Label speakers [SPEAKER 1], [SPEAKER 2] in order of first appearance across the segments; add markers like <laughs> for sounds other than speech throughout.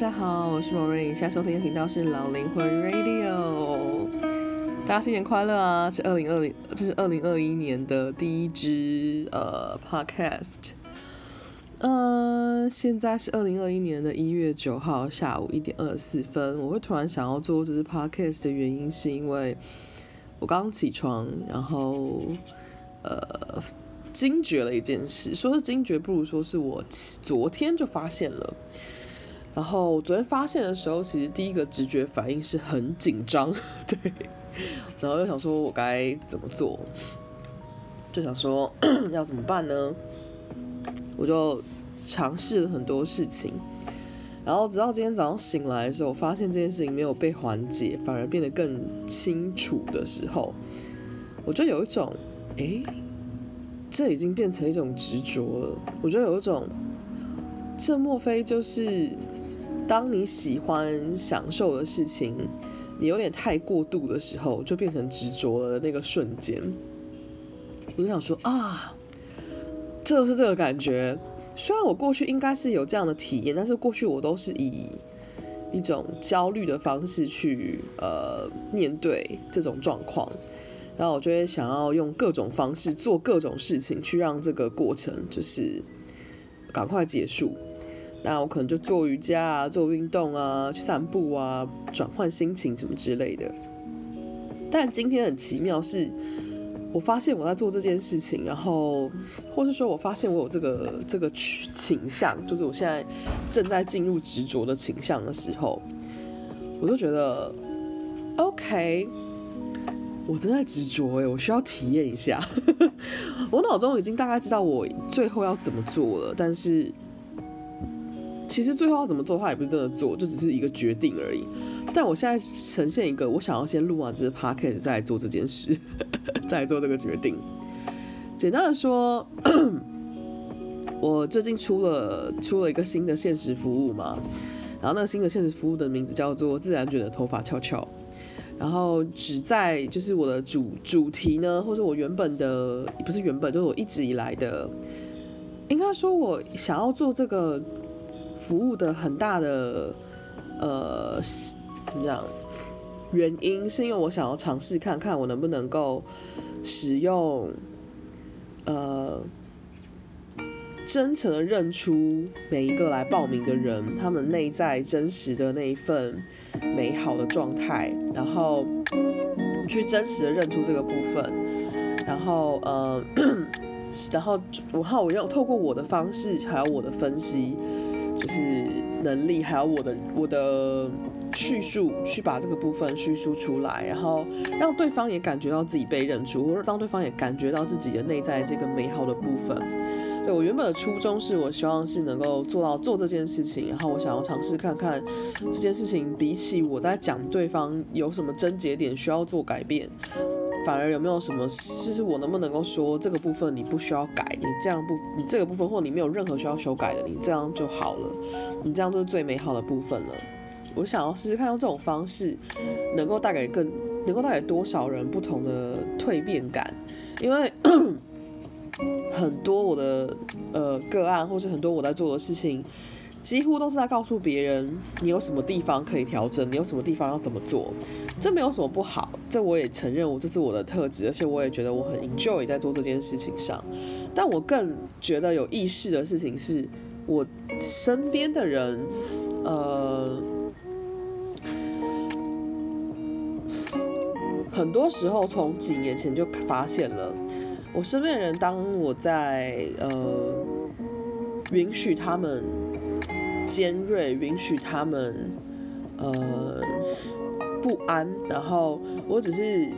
[SPEAKER 1] 大家好，我是 Morin，現在收聽的頻道是老靈魂 Radio。大家新年快樂啊！是二零二零，這是二零二一年的第一支呃 Podcast。呃，現在是二零二一年的一月九號下午一點二十四分。我會突然想要做這支 Podcast 的原因，是因為我剛剛起床，然後呃驚覺了一件事，說是驚覺，不如說是我昨天就發現了。然後昨天發現的時候，其實第一個直覺反應是很緊張，對。然後又想說我該怎麼做，就想說 <coughs> 要怎麼辦呢？我就嘗試了很多事情，然後直到今天早上醒來的時候，我發現這件事情沒有被緩解，反而變得更清楚的時候，我就有一種，誒，這已經變成一種執着了。我就有一種，這莫非就是？當你喜歡享受的事情，你有點太過度的時候，就變成執着的那個瞬間。我就想說啊，這是這個感覺。雖然我過去應該是有這樣的體驗，但是過去我都是以一種焦慮的方式去呃面對這種狀況，然後我就會想要用各種方式做各種事情，去讓這個過程就是趕快結束。那我可能就做瑜伽啊，做運動啊，去散步啊，轉換心情什麼之類的。但今天很奇妙，是我發現我在做這件事情，然後，或是說我發現我有這個這個傾向，就是我現在正在進入執着的傾向的時候，我就覺得，OK，我正在執着誒，我需要體驗一下。 <laughs> 我腦中已經大概知道我最後要怎麼做了，但是。其實最後要怎麼做，他也不是真的做，就只是一個決定而已。但我現在呈現一個，我想要先錄完、啊、這是 Podcast 再來做這件事，呵呵再來做這個決定。簡單的說， <coughs> 我最近出了出了一個新的限時服務嘛，然後那個新的限時服務的名字叫做自然卷的頭髮翹翹，然後只在就是我的主主題呢，或者我原本的，不是原本，就是我一直以來的，應該說我想要做這個。服務的很大的呃，怎麼講？原因是因為我想要嘗試看看我能不能夠使用，呃，真誠的認出每一個來報名的人，他們內在真實的那一份美好的狀態，然後去真實的認出這個部分，然後呃 <coughs> 然後然後，然後我好，我用透過我的方式還有我的分析。就是能力，還有我的我的敘述，去把這個部分敘述出來，然後讓對方也感覺到自己被認出，或者讓對方也感覺到自己的內在這個美好的部分。對，我原本的初衷是，我希望是能夠做到做這件事情，然後我想要嘗試看看這件事情比起我在講對方有什麼症結點需要做改變。反而有沒有什麼，就是我能不能夠說這個部分你不需要改，你這樣不，你這個部分或你沒有任何需要修改的，你這樣就好了，你這樣就是最美好的部分了。我想要試試看用這種方式能，能夠帶給更能夠帶給多少人不同的蛻變感，因為 <coughs> 很多我的呃個案，或是很多我在做的事情。幾乎都是在告訴別人你有什麼地方可以調整，你有什麼地方要怎麼做，這沒有什麼不好，這我也承認，我這是我的特質，而且我也覺得我很 enjoy 在做這件事情上。但我更覺得有意識的事情是我身邊的人，呃，很多時候從幾年前就發現了，我身邊的人，當我在呃允許他們。尖銳，允許他們，呃，不安。然後我只是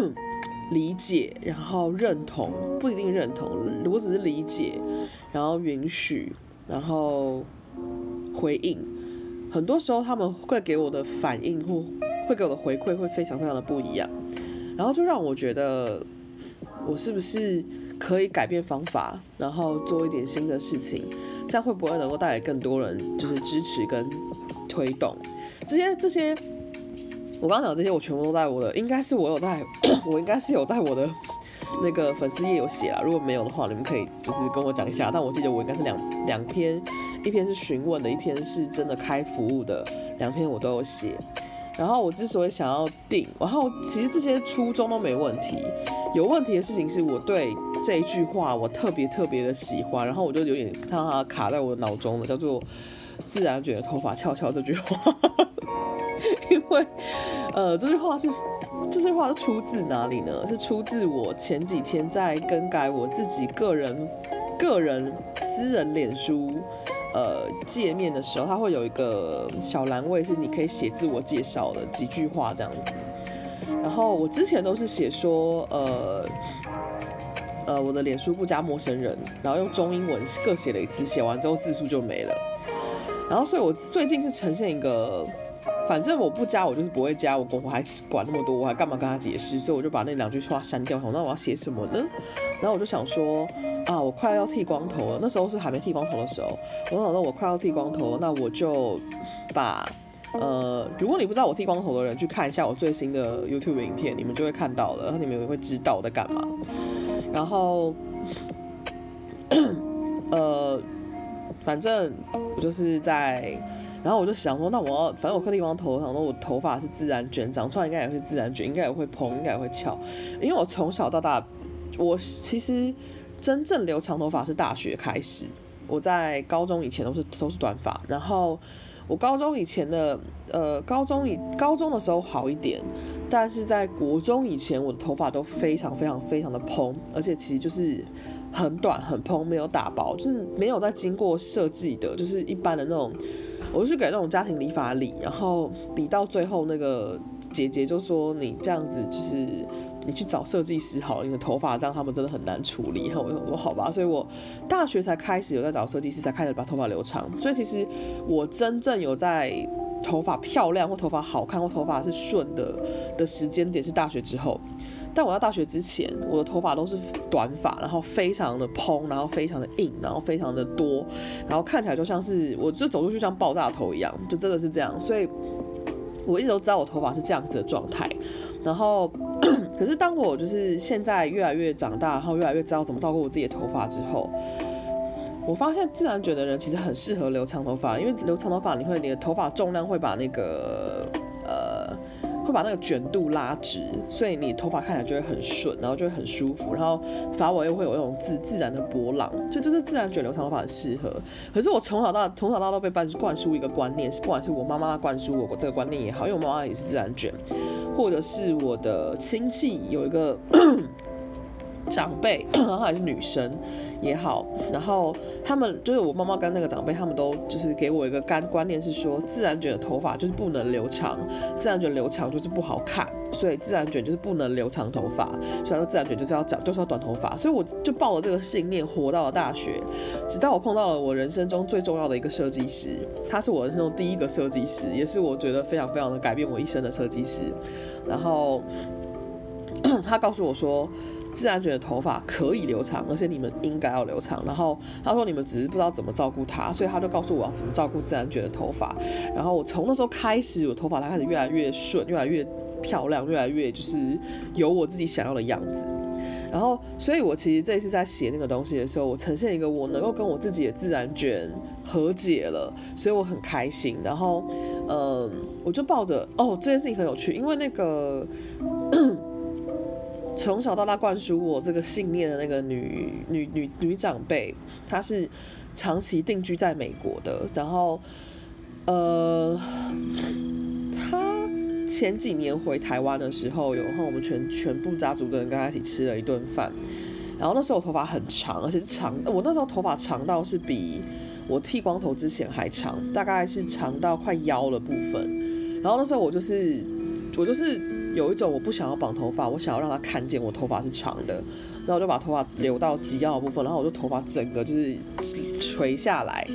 [SPEAKER 1] <coughs> 理解，然後認同，不一定認同。我只是理解，然後允許，然後回應。很多時候他們會給我的反應或會給我的回饋會非常非常的不一樣。然後就讓我覺得，我是不是可以改變方法，然後做一點新的事情？這樣會不會能夠帶來更多人，就是支持跟推動？這些這些，我剛剛講這些，我全部都在我的，應該是我有在，我應該是有在我的那個粉絲頁有寫啦。如果沒有的話，你們可以就是跟我講一下。但我記得我應該是兩兩篇，一篇是詢問的，一篇是真的開服務的，兩篇我都有寫。然後我之所以想要定，然後其實這些初衷都沒問題。有問題的事情是我對這一句話，我特別特別的喜歡，然後我就有點讓它卡在我的腦中了，叫做“自然捲的頭髮翹翹”這句話。 <laughs> 因為，呃，這句話是，這句話是出自哪裡呢？是出自我前幾天在更改我自己個人、個人私人臉書，呃，界面的時候，它會有一個小欄位，是你可以寫自我介紹的幾句話這樣子。然後我之前都是寫說，呃，呃，我的臉書不加陌生人，然後用中英文各寫了一次，寫完之後字數就沒了。然後，所以我最近是呈現一個。反正我不加，我就是不會加，我我還管那麼多，我還幹嘛跟他解釋？所以我就把那兩句話刪掉。好，那我要寫什麼呢？然後我就想說，啊，我快要剃光頭了。那時候是還沒剃光頭的時候。我想到我快要剃光頭，那我就把，呃，如果你不知道我剃光頭的人去看一下我最新的 YouTube 影片，你們就會看到了，然後你們也會知道我在幹嘛。然後， <coughs> 呃，反正我就是在。然後我就想說，那我要反正我刻地方頭上我頭髮是自然捲，長出來應該也是自然捲，應該也會蓬，應該也會翹。因為我從小到大，我其實真正留長頭髮是大學開始，我在高中以前都是都是短髮。然後我高中以前的，呃，高中以高中的時候好一點，但是在國中以前，我的頭髮都非常非常非常的蓬，而且其實就是很短很蓬，沒有打薄，就是沒有再經過設計的，就是一般的那種。我就去給那種家庭理髮理，然後理到最後那個姐姐就說：“你這樣子就是你去找設計師好了，你的頭髮這樣他們真的很難處理。”然後我就說：“好吧。”所以，我大學才開始有在找設計師，才開始把頭髮留長。所以，其實我真正有在頭髮漂亮或頭髮好看或頭髮是順的的時間點是大學之後。但我在大學之前，我的頭髮都是短髮，然後非常的蓬，然後非常的硬，然後非常的多，然後看起來就像是我這走出去就像爆炸頭一樣，就真的是這樣。所以我一直都知道我頭髮是這樣子的狀態。然後， <coughs> 可是當我就是現在越來越長大，然後越來越知道怎麼照顧我自己的頭髮之後，我發現自然捲的人其實很適合留長頭髮，因為留長頭髮你會你的頭髮重量會把那個。會把那個捲度拉直，所以你頭髮看起來就會很順，然後就會很舒服，然後髮尾又會有那種自自然的波浪，就就是自然捲，留長頭髮很適合。可是我從小到從小到大都被灌輸一個觀念，是不管是我媽媽灌輸我，我這個觀念也好，因為我媽媽也是自然捲，或者是我的親戚有一個。 <coughs> 長輩，然後 <coughs> 還是女生也好，然後他們就是我媽媽跟那個長輩，他們都就是給我一個干觀念，是說自然捲的頭髮就是不能留長，自然捲留長就是不好看，所以自然捲就是不能留長頭髮，所以說自然捲就是要長，就是要短頭髮，所以我就抱了這個信念，活到了大學，直到我碰到了我人生中最重要的一個設計師，他是我的人生中第一個設計師，也是我覺得非常非常的改變我一生的設計師，然後他告訴我說。自然捲的頭髮可以留長，而且你們應該要留長。然後他說你們只是不知道怎麼照顧它，所以他就告訴我要怎麼照顧自然捲的頭髮。然後我從那時候開始，我頭髮它開始越來越順，越來越漂亮，越來越就是有我自己想要的樣子。然後，所以我其實這一次在寫那個東西的時候，我呈現一個我能夠跟我自己的自然捲和解了，所以我很開心。然後，嗯、呃，我就抱着哦，這件事情很有趣，因為那個。 <coughs> 從小到大灌輸我這個信念的那個女女女女長輩，她是長期定居在美國的。然後，呃，她前幾年回台灣的時候，有和我們全全部家族的人跟她一起吃了一頓飯。然後那時候我頭髮很長，而且是長，我那時候頭髮長到是比我剃光頭之前還長，大概是長到快腰的部分。然後那時候我就是，我就是。有一種我不想要綁頭髮，我想要讓他看見我頭髮是長的，然後我就把頭髮留到及腰的部分，然後我就頭髮整個就是垂下來，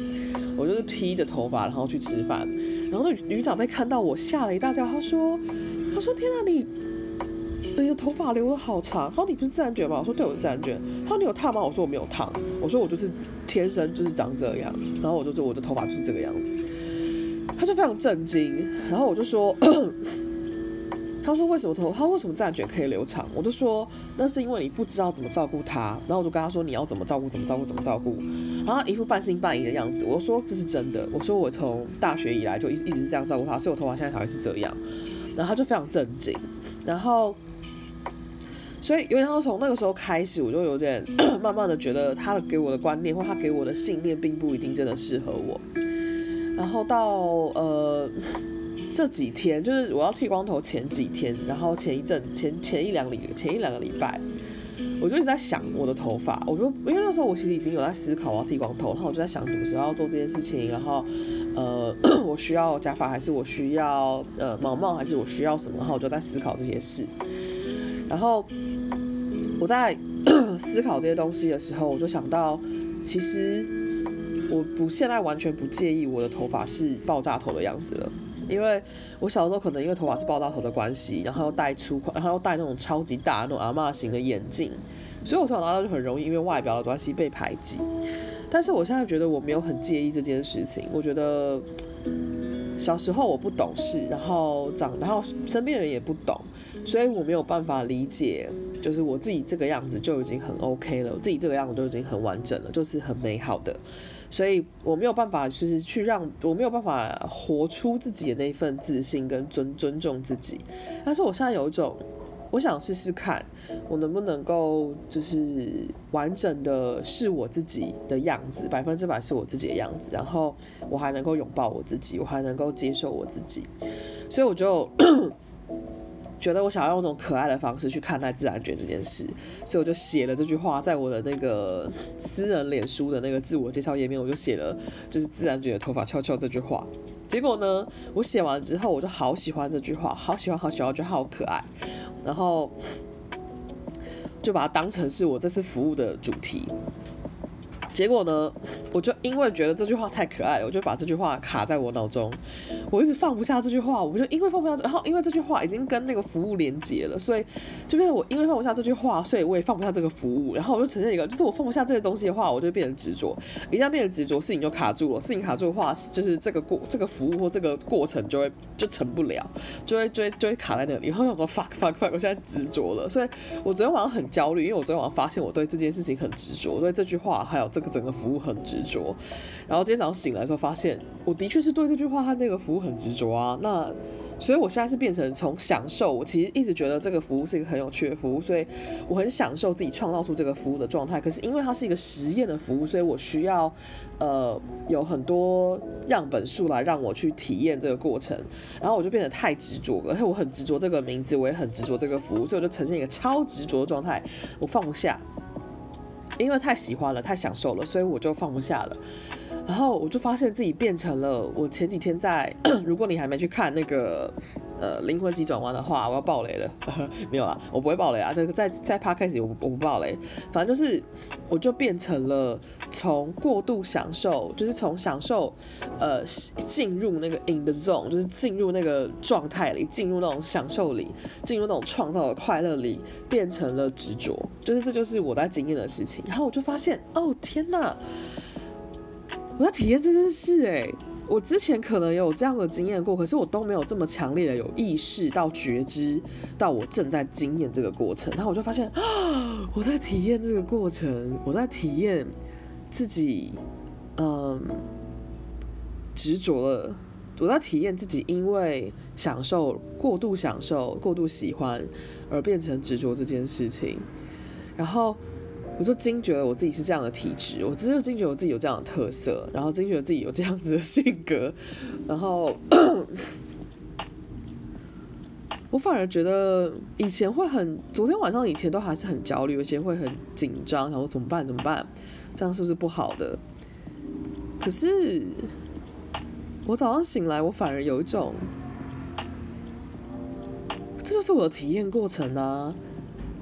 [SPEAKER 1] 我就是披着頭髮然後去吃飯，然後那女、女長輩看到我嚇了一大跳，她說，她說天啊你，你的頭髮留得好長，她說你不是自然捲嗎？我說對，我是自然捲，她說你有燙嗎？我說我沒有燙，我說我就是天生就是長這樣，然後我就說我的頭髮就是這個樣子，她就非常震驚，然後我就說。 <coughs> 他說：“為什麼頭？他說為什麼自然捲可以留長？”我就說：“那是因為你不知道怎麼照顧他。”然後我就跟他說：“你要怎麼照顧？怎麼照顧？怎麼照顧？”然後一副半信半疑的樣子。我說：“這是真的。”我說：“我從大學以來就一一直這樣照顧他，所以我頭髮現在才會是這樣。”然後他就非常震驚。然後，所以有點從從那個時候開始，我就有點 <coughs> 慢慢的覺得他的給我的觀念或他給我的信念，並不一定真的適合我。然後到呃。這幾天就是我要剃光頭前幾天，然後前一陣前前一兩禮，前一兩個禮拜，我就一直在想我的頭髮，我就因為那時候我其實已經有在思考我要剃光頭，然後我就在想什麼時候要做這件事情，然後呃 <coughs> 我需要假髮還是我需要呃毛帽還是我需要什麼，然後我就在思考這些事。然後我在 <coughs> 思考這些東西的時候，我就想到其實我不現在完全不介意我的頭髮是爆炸頭的樣子了。因為我小時候可能因為頭髮是爆炸頭的關係，然後又戴粗框，然後又戴那種超級大那種阿嬤型的眼鏡，所以我從小到大就很容易因為外表的關係被排擠。但是我現在覺得我沒有很介意這件事情，我覺得小時候我不懂事，然後長，然後身邊人也不懂，所以我沒有辦法理解，就是我自己這個樣子就已經很 OK 了，我自己這個樣子就已經很完整了，就是很美好的。所以我沒有辦法，就是去讓我沒有辦法活出自己的那份自信跟尊尊重自己。但是我現在有一種，我想試試看，我能不能夠就是完整的是我自己的樣子，百分之百是我自己的樣子，然後我還能夠擁抱我自己，我還能夠接受我自己。所以我就。 <coughs> 覺得我想要用一種可愛的方式去看待自然捲這件事，所以我就寫了這句話，在我的那個私人臉書的那個自我介紹頁面，我就寫了就是自然捲的頭髮翹翹這句話。結果呢，我寫完之後，我就好喜歡這句話，好喜歡，好喜歡，我覺得好可愛，然後就把它當成是我這次服務的主題。結果呢，我就因為覺得這句話太可愛了，我就把這句話卡在我腦中，我一直放不下這句話，我就因為放不下這，然後因為這句話已經跟那個服務連接了，所以就變成我因為放不下這句話，所以我也放不下這個服務，然後我就呈現一個，就是我放不下這些東西的話，我就變成執着，一旦變成執着，事情就卡住了，事情卡住的話，就是這個過這個服務或這個過程就會就成不了，就會就會就會卡在那裡，然後我說 fuck fuck fuck，我現在執着了，所以我昨天晚上很焦慮，因為我昨天晚上發現我對這件事情很執着，所以這句話還有這個。整個服務很執着，然後今天早上醒來的時候發現，我的確是對這句話和那個服務很執着啊。那所以我現在是變成從享受，我其實一直覺得這個服務是一個很有趣的服務，所以我很享受自己創造出這個服務的狀態。可是因為它是一個實驗的服務，所以我需要呃有很多樣本數來讓我去體驗這個過程。然後我就變得太執着了，而且我很執着這個名字，我也很執着這個服務，所以我就呈現一個超執着的狀態，我放不下。因為太喜歡了，太享受了，所以我就放不下了。然後我就發現自己變成了，我前幾天在， <coughs> 如果你還沒去看那個，呃，靈魂急轉彎的話，我要爆雷了。 <laughs> 沒有啊，我不會爆雷啊，這個在在 podcast 我不我不爆雷，反正就是我就變成了從過度享受，就是從享受，呃，進入那個 in the zone，就是進入那個狀態裡，進入那種享受裡，進入那種創造的快樂裡，變成了執着，就是這就是我在經驗的事情。然後我就發現，哦天吶我在體驗這件事哎、欸，我之前可能有這樣的經驗過，可是我都沒有這麼強烈的有意識到覺知到我正在經驗這個過程，然後我就發現啊，我在體驗這個過程，我在體驗自己，嗯，執着了，我在體驗自己因為享受過度，享受過度喜歡而變成執着這件事情，然後。我就驚覺了，我自己是這樣的體質，我直接驚覺我自己有這樣的特色，然後驚覺自己有這樣子的性格，然後 <coughs> 我反而覺得以前會很，昨天晚上以前都還是很焦慮，而且會很緊張，然後怎麼辦？怎麼辦？這樣是不是不好的？可是我早上醒來，我反而有一種，這就是我的體驗過程啊。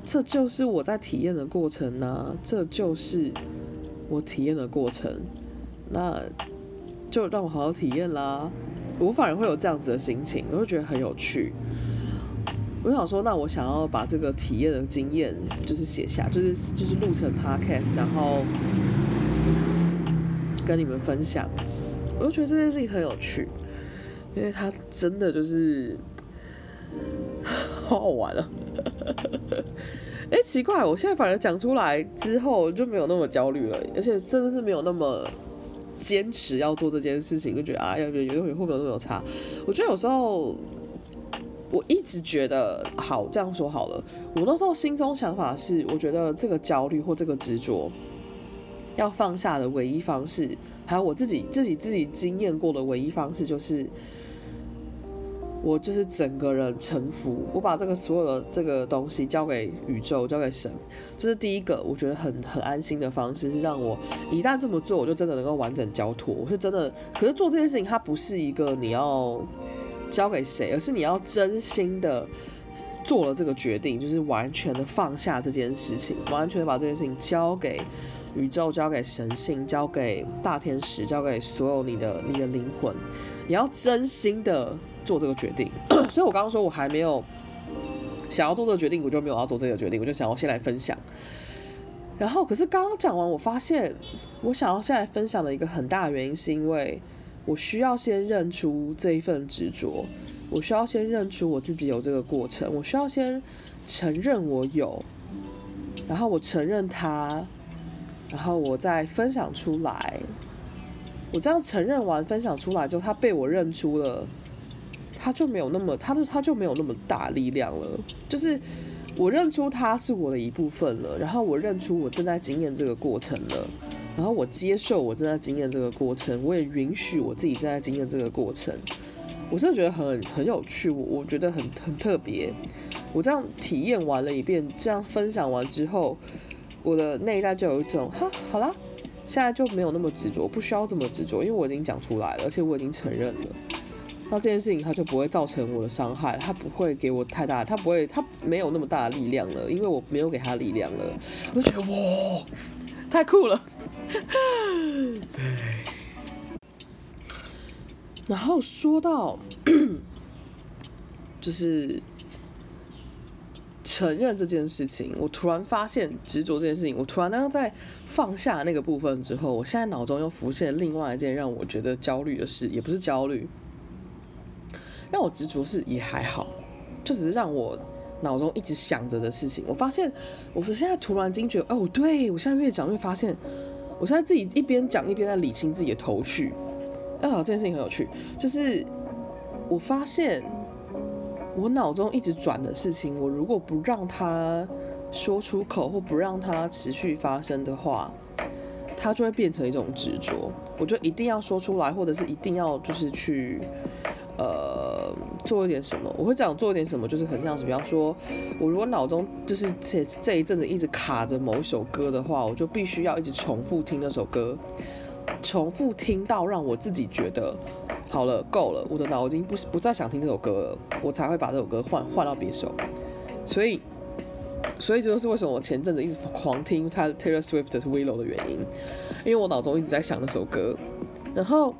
[SPEAKER 1] 這就是我在體驗的過程呢、啊，這就是我體驗的過程，那就讓我好好體驗啦。我反而會有這樣子的心情，我就覺得很有趣。我想說，那我想要把這個體驗的經驗，就是寫下，就是就是錄成 podcast，然後跟你們分享。我就覺得這件事情很有趣，因為它真的就是 <laughs> 好好玩啊。哎、 <laughs> 欸，奇怪，我現在反而講出來之後就沒有那麼焦慮了，而且真的是沒有那麼堅持要做這件事情，就覺得啊，會不會有那麼有差。我覺得有時候我一直覺得，好這樣說好了，我那時候心中想法是，我覺得這個焦慮或這個執着要放下的唯一方式，還有我自己自己自己經驗過的唯一方式就是。我就是整個人臣服，我把這個所有的這個東西交給宇宙，交給神，這是第一個我覺得很很安心的方式。是讓我一旦這麼做，我就真的能夠完整交託。我是真的，可是做這件事情，它不是一個你要交給誰，而是你要真心的做了這個決定，就是完全的放下這件事情，完全的把這件事情交給宇宙，交給神性，交給大天使，交給所有你的你的靈魂，你要真心的，做這個決定， <coughs> 所以我剛剛說，我還沒有想要做這個決定，我就沒有要做這個決定，我就想要先來分享。然後，可是剛剛講完，我發現我想要先來分享的一個很大原因，是因為我需要先認出這一份執着，我需要先認出我自己有這個過程，我需要先承認我有，然後我承認它，然後我再分享出來。我這樣承認完，分享出來之後，他被我認出了。他就沒有那麼，他的他就沒有那麼大力量了。就是我認出他是我的一部分了，然後我認出我正在經驗這個過程了，然後我接受我正在經驗這個過程，我也允許我自己正在經驗這個過程。我真的覺得很很有趣，我我覺得很很特別。我這樣體驗完了一遍，這樣分享完之後，我的內在就有一種哈，好啦，現在就沒有那麼執着，不需要這麼執着，因為我已經講出來了，而且我已經承認了。那這件事情他就不會造成我的傷害，他不會給我太大，他不會，他沒有那麼大的力量了，因為我沒有給他力量了。而且，哇，太酷了！ <laughs> 對。然後說到， <coughs> 就是承認這件事情，我突然發現執着這件事情，我突然在放下那個部分之後，我現在腦中又浮現另外一件讓我覺得焦慮的事，也不是焦慮。讓我執着是也還好，就只是讓我腦中一直想着的事情。我發現，我現在突然驚覺，哦，對，我現在越講越發現，我現在自己一邊講一邊在理清自己的頭緒。啊，這件事情很有趣，就是我發現我腦中一直轉的事情，我如果不讓它說出口，或不讓它持續發生的話，它就會變成一種執着。我就一定要說出來，或者是一定要就是去呃。做一點什麼，我會講做一點什麼，就是很像是，比方說，我如果腦中就是這這一陣子一直卡着某一首歌的話，我就必須要一直重複聽那首歌，重複聽到讓我自己覺得好了，夠了，我的腦筋不不再想聽這首歌了，我才會把這首歌換換到別首。所以，所以就是為什麼我前陣子一直狂聽她 Taylor Swift 的 Willow 的原因，因為我腦中一直在想那首歌，然後。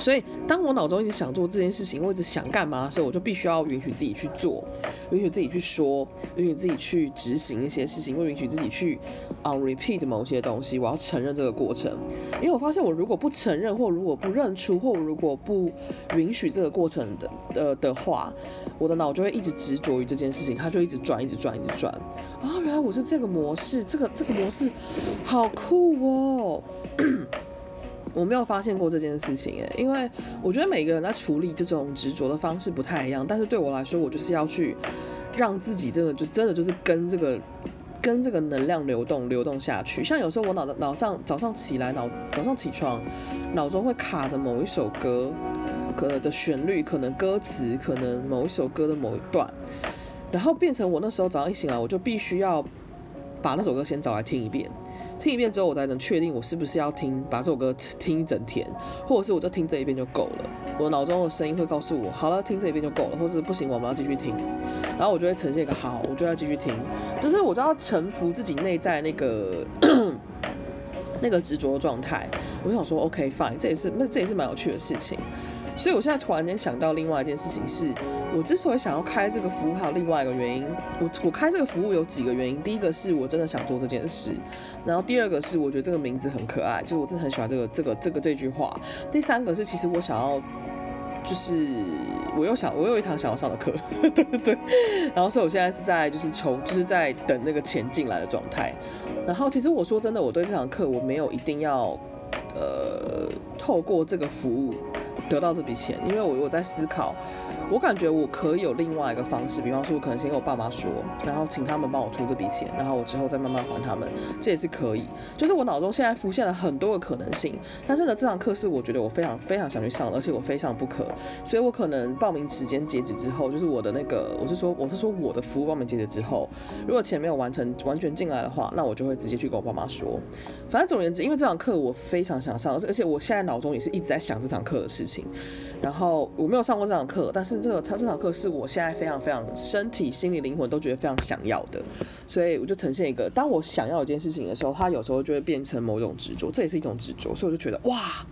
[SPEAKER 1] 所以，當我腦中一直想做這件事情，我一直想幹嘛的時候，所以我就必須要允許自己去做，允許自己去說，允許自己去執行一些事情，或允許自己去 on repeat 某些東西。我要承認這個過程，因為我發現我如果不承認，或如果不認出，或如果不允許這個過程的的、呃、的話，我的腦就會一直執着於這件事情，它就一直轉，一直轉，一直轉。啊，原來我是這個模式，這個這個模式好酷哦。 <coughs> 我沒有發現過這件事情誒，因為我覺得每個人在處理這種執着的方式不太一樣。但是對我來說，我就是要去讓自己真的就真的就是跟這個跟這個能量流動流動下去。像有時候我腦子腦上早上起來腦早上起床，腦中會卡着某一首歌，可能的旋律、可能歌詞、可能某一首歌的某一段，然後變成我那時候早上一醒來我就必須要。把那首歌先找來聽一遍，聽一遍之後我才能確定我是不是要聽把這首歌聽一整天，或者是我就聽這一遍就夠了。我腦中的聲音會告訴我，好了，聽這一遍就夠了，或是不行，我們要繼續聽。然後我就會呈現一個好，我就要繼續聽，只是我就要臣服自己內在的那個 <coughs> 那個執着的狀態。我想說，OK，fine，OK, 這也是那這也是蠻有趣的事情。所以我現在突然間想到另外一件事情是。我之所以想要開這個服務，還有另外一個原因。我我開這個服務有幾個原因：第一個是我真的想做這件事，然後第二個是我覺得這個名字很可愛，就是我真的很喜歡這個這個這個這句話。第三個是其實我想要，就是我又想我有一堂想要上的課， <laughs> 對，對，對對。然後所以我現在是在就是求就是在等那個錢進來的狀態。然後其實我說真的，我對這堂課我沒有一定要呃透過這個服務得到這筆錢，因為我我在思考。我感覺我可以有另外一個方式，比方說，我可能先跟我爸媽說，然後請他們幫我出這筆錢，然後我之後再慢慢還他們，這也是可以。就是我腦中現在浮現了很多的可能性，但是呢，這堂課是我覺得我非常非常想去上，而且我非上不可，所以我可能報名時間截止之後，就是我的那個，我是說我是說我的服務報名截止之後，如果錢沒有完成完全進來的話，那我就會直接去跟我爸媽說。反正總言之，因為這堂課我非常想上，而且而且我現在腦中也是一直在想這堂課的事情。然後我沒有上過這堂課，但是這個他這堂課是我現在非常非常身體、心理、靈魂都覺得非常想要的。所以我就呈現一個，當我想要有件事情的時候，它有時候就會變成某種執着，這也是一種執着。所以我就覺得哇，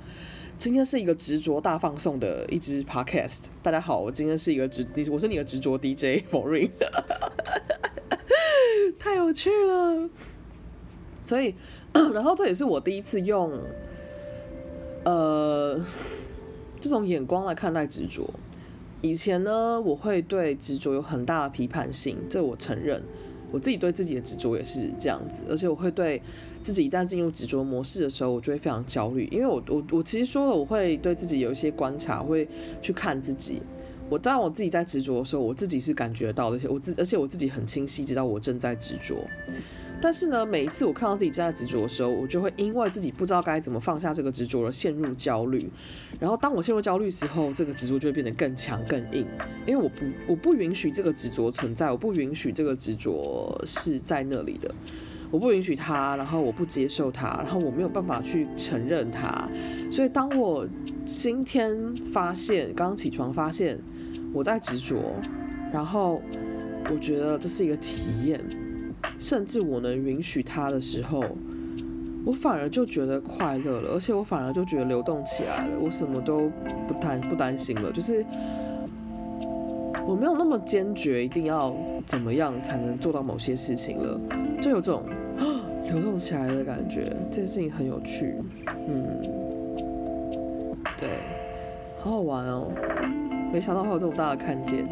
[SPEAKER 1] 今天是一個執着大放送的一支 podcast。大家好，我今天是一個執你，我是你的執着 DJ，Morin， <laughs> 太有趣了。所以。然後這也是我第一次用，呃，這種眼光來看待執着。以前呢，我會對執着有很大的批判性，這我承認。我自己對自己的執着也是這樣子，而且我會對自己一旦進入執着模式的時候，我就會非常焦慮。因為我我我其實說了，我會對自己有一些觀察，我會去看自己。我當我自己在執着的時候，我自己是感覺到的，我自，而且我自己很清晰，知道我正在執着但是呢，每一次我看到自己正在執着的時候，我就會因為自己不知道該怎麼放下這個執着而陷入焦慮。然後當我陷入焦慮時候，這個執着就會變得更強、更硬。因為我不，我不允許這個執着存在，我不允許這個執着是在那裡的，我不允許它，然後我不接受它，然後我沒有辦法去承認它。所以當我今天發現，剛剛起床發現我在執着，然後我覺得這是一個體驗。甚至我能允許他的時候，我反而就覺得快樂了，而且我反而就覺得流動起來了，我什麼都不擔不擔心了，就是我沒有那麼堅決一定要怎麼樣才能做到某些事情了，就有這種流動起來的感覺，這件事情很有趣，嗯，對，好好玩哦，沒想到會有這麼大的看見，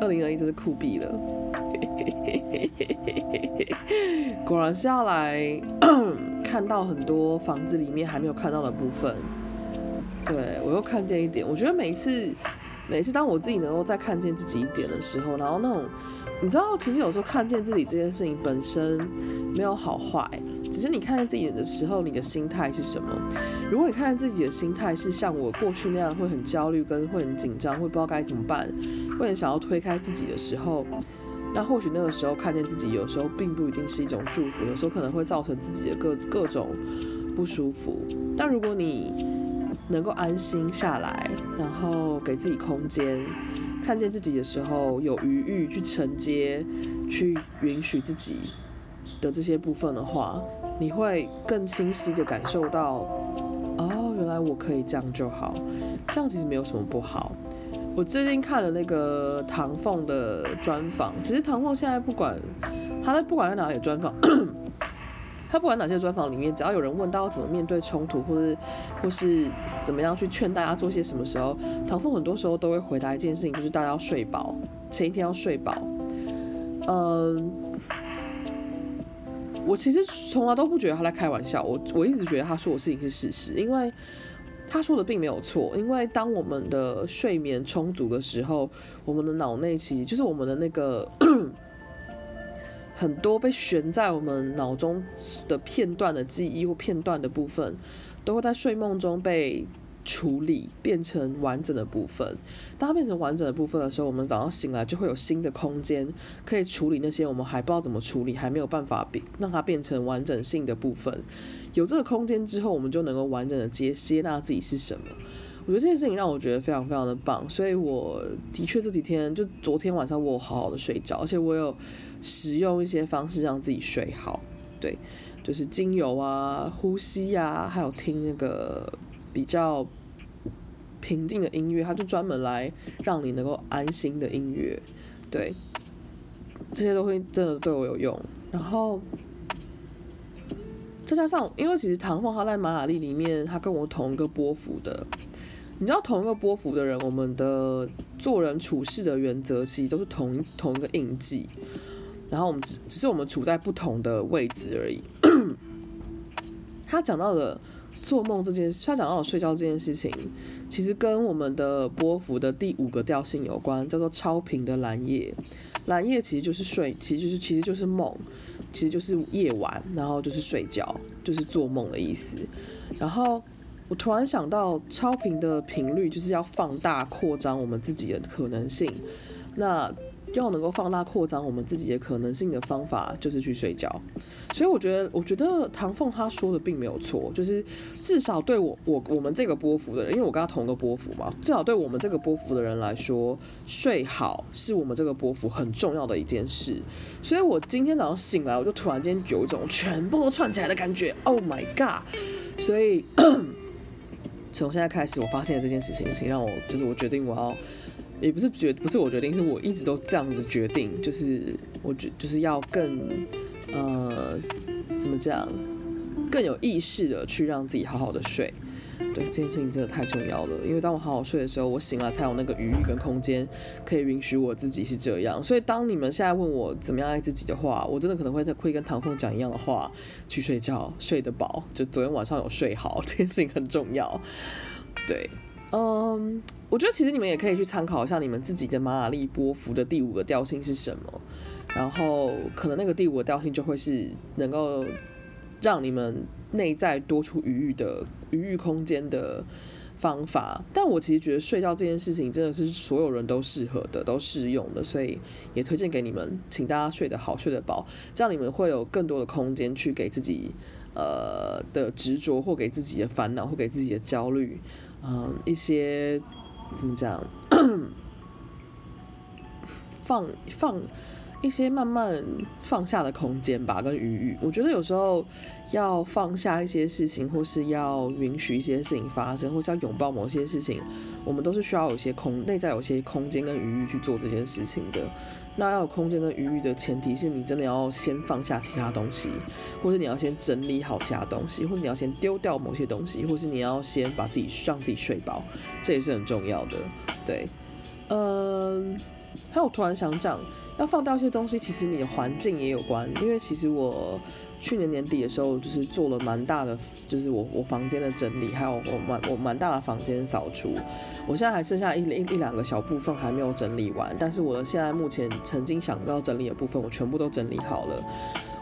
[SPEAKER 1] 二零二一真是酷斃了。嘿，嘿，嘿，果然是要來 <coughs> 看到很多房子裡面還沒有看到的部分。對，我又看見一點，我覺得每一次，每一次當我自己能夠再看見自己一點的時候，然後那種，你知道，其實有時候看見自己這件事情本身沒有好壞，欸，只是你看見自己的時候，你的心態是什麼。如果你看見自己的心態是像我過去那樣，會很焦慮，跟會很緊張，會不知道該怎麼辦，會很想要推開自己的時候。那或許那個時候看見自己，有時候並不一定是一種祝福，有時候可能會造成自己的各各種不舒服。但如果你能夠安心下來，然後給自己空間，看見自己的時候有餘裕去承接、去允許自己的這些部分的話，你會更清晰地感受到，哦，原來我可以這樣就好，這樣其實沒有什麼不好。我最近看了那個唐鳳的專訪，其實唐鳳現在不管他在不管在哪裡專訪， <coughs> 他不管在哪些專訪裡面，只要有人問到怎麼面對衝突，或是或是怎麼樣去勸大家做些什麼時候，唐鳳很多時候都會回答一件事情，就是大家要睡飽，前一天要睡飽。嗯，我其實從來都不覺得他在開玩笑，我我一直覺得他說我事情是事實，因為。他說的並沒有錯，因為當我們的睡眠充足的時候，我們的腦內其實就是我們的那個 <coughs> 很多被懸在我們腦中的片段的記憶或片段的部分，都會在睡夢中被處理變成完整的部分，當它變成完整的部分的時候，我們早上醒來就會有新的空間，可以處理那些我們還不知道怎麼處理、還沒有辦法變讓它變成完整性的部分。有這個空間之後，我們就能夠完整的接接納、那個、自己是什麼。我覺得這件事情讓我覺得非常非常的棒，所以我的確這幾天就昨天晚上我好好的睡覺，而且我有使用一些方式讓自己睡好。對，就是精油啊、呼吸呀、啊，還有聽那個。比較平靜的音樂，他就專門來讓你能夠安心的音樂，對，這些東西真的對我有用。然後再加上，因為其實唐鳳他在瑪雅曆裡面，他跟我同一個波符的，你知道同一個波符的人，我們的做人處事的原則其實都是同同一個印記，然後我們只只是我們處在不同的位置而已。 <coughs> 他講到的。做夢這件事，他講到我睡覺這件事情，其實跟我們的波符的第五個調性有關，叫做超頻的藍夜。藍夜其實就是睡，其實就是其實就是夢，其實就是夜晚，然後就是睡覺，就是做夢的意思。然後我突然想到，超頻的頻率就是要放大、擴張我們自己的可能性。那要能夠放大擴張我們自己的可能性的方法，就是去睡覺。所以我覺得，我覺得唐鳳他說的並沒有錯，就是至少對我我我們這個波幅的人，因為我跟他同一個波幅嘛，至少對我們這個波幅的人來說，睡好是我們這個波幅很重要的一件事。所以我今天早上醒來，我就突然間有一種全部都串起來的感覺，Oh my god！所以從 <coughs> 現在開始，我發現了這件事情，請讓我就是我決定我要。也不是決不是我決定，是我一直都這樣子決定，就是我覺就是要更呃怎麼講，更有意識的去讓自己好好的睡，對，這件事情真的太重要了。因為當我好好睡的時候，我醒了才有那個餘裕跟空間，可以允許我自己是這樣。所以當你們現在問我怎麼樣愛自己的話，我真的可能會在會跟唐鳳講一樣的話，去睡覺睡得飽，就昨天晚上有睡好，這件事情很重要，對。嗯，um, 我覺得其實你們也可以去參考一下你們自己的馬雅曆波符的第五個調性是什麼，然後可能那個第五個調性就會是能夠讓你們內在多出餘裕的餘裕空間的方法。但我其實覺得睡覺這件事情真的是所有人都適合的、都適用的，所以也推薦給你們，請大家睡得好、睡得飽，這樣你們會有更多的空間去給自己呃的執着，或給自己的煩惱，或給自己的焦慮。嗯，一些怎麼講， <coughs> 放放一些慢慢放下的空間吧，跟餘裕。我覺得有時候要放下一些事情，或是要允許一些事情發生，或是要擁抱某些事情，我們都是需要有些空，內在有些空間跟餘裕去做這件事情的。那要有空間跟餘裕的前提是你真的要先放下其他東西，或是你要先整理好其他東西，或者你要先丟掉某些東西，或是你要先把自己，讓自己睡飽，這也是很重要的。對，嗯，還有我突然想講，要放掉一些東西，其實你的環境也有關，因為其實我。去年年底的時候，就是做了蠻大的，就是我我房間的整理，還有我蠻我蠻大的房間掃除。我現在還剩下一一兩個小部分還沒有整理完，但是我現在目前曾經想到整理的部分，我全部都整理好了。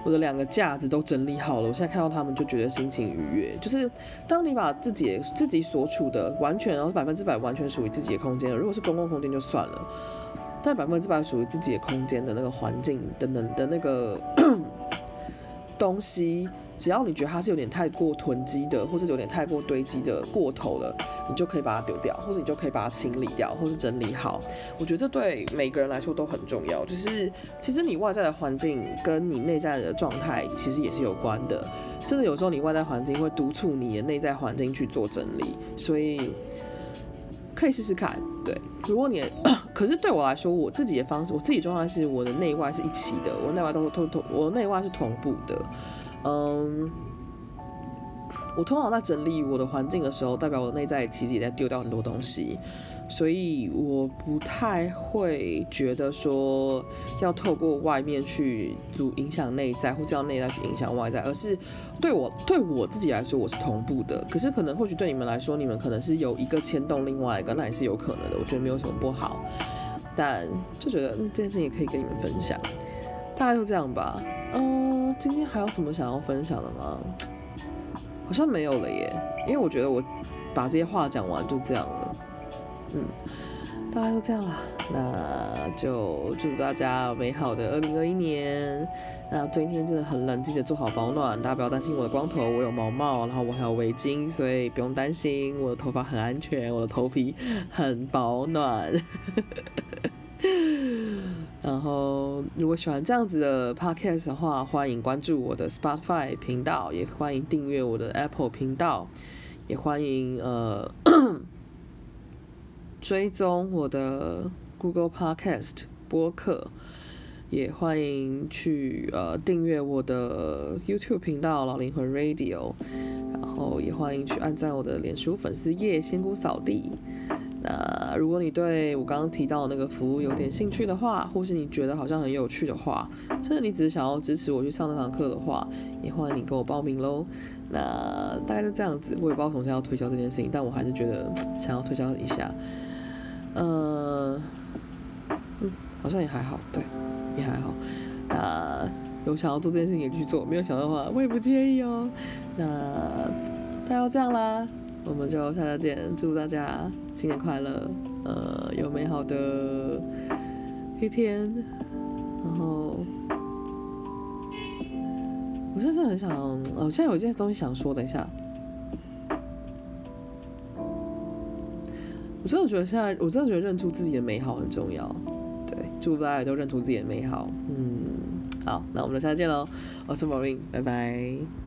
[SPEAKER 1] 我的兩個架子都整理好了，我現在看到他們就覺得心情愉悅。就是當你把自己自己所處的完全，然後百分之百完全屬於自己的空間，如果是公共空間就算了，但百分之百屬於自己的空間的那個環境等等的那個。 <coughs> 東西，只要你覺得它是有點太過囤積的，或是有點太過堆積的過頭了，你就可以把它丟掉，或者你就可以把它清理掉，或是整理好。我覺得這對每個人來說都很重要，就是其實你外在的環境跟你內在的狀態其實也是有關的，甚至有時候你外在環境會督促你的內在環境去做整理，所以。可以試試看，對。如果你，可是對我來說，我自己的方式，我自己狀態是我的內外是一起的，我內外都都、都，我內外是同步的。嗯，我通常在整理我的環境的時候，代表我內在其實也在丟掉很多東西。所以我不太會覺得說要透過外面去主影響內在，或是要內在去影響外在，而是對我對我自己來說，我是同步的。可是可能或許對你們來說，你們可能是有一個牽動另外一個，那也是有可能的。我覺得沒有什麼不好，但就覺得嗯，這件事情也可以跟你們分享。大概就這樣吧。嗯、呃，今天還有什麼想要分享的嗎？好像沒有了耶，因為我覺得我把這些話講完就這樣了。嗯，大概就這樣了，那就祝大家美好的二零二一年。那今天真的很冷，記得做好保暖。大家不要擔心我的光頭，我有毛毛，然後我還有圍巾，所以不用擔心，我的頭髮很安全，我的頭皮很保暖。 <laughs> 然後，如果喜歡這樣子的 podcast 的話，歡迎關注我的 Spotify 頻道，也歡迎訂閱我的 Apple 頻道，也歡迎，呃。 <coughs> 追蹤我的 Google Podcast 播客，也歡迎去呃訂閱我的 YouTube 頻道老靈魂 Radio，然後也歡迎去按讚我的臉書粉絲頁仙姑掃地。那如果你對我剛剛提到的那個服務有點興趣的話，或是你覺得好像很有趣的話，或者你只是想要支持我去上這堂課的話，也歡迎你跟我報名嘍。那大概就這樣子，我也不知道什麼時候要推銷這件事情，但我還是覺得想要推銷一下。呃，嗯，好像也還好，對，也還好。那有想要做這件事情也去做，沒有想到的話，我也不介意哦。那大家要這樣啦，我們就下次見，祝大家新年快樂，呃，有美好的一天。然後，我現在很想、哦，我現在有件東西想說，等一下。我真的覺得現在，我真的覺得認出自己的美好很重要。對，祝大家都認出自己的美好。嗯，好，那我們下次見嘍。我是 Morin，拜拜。e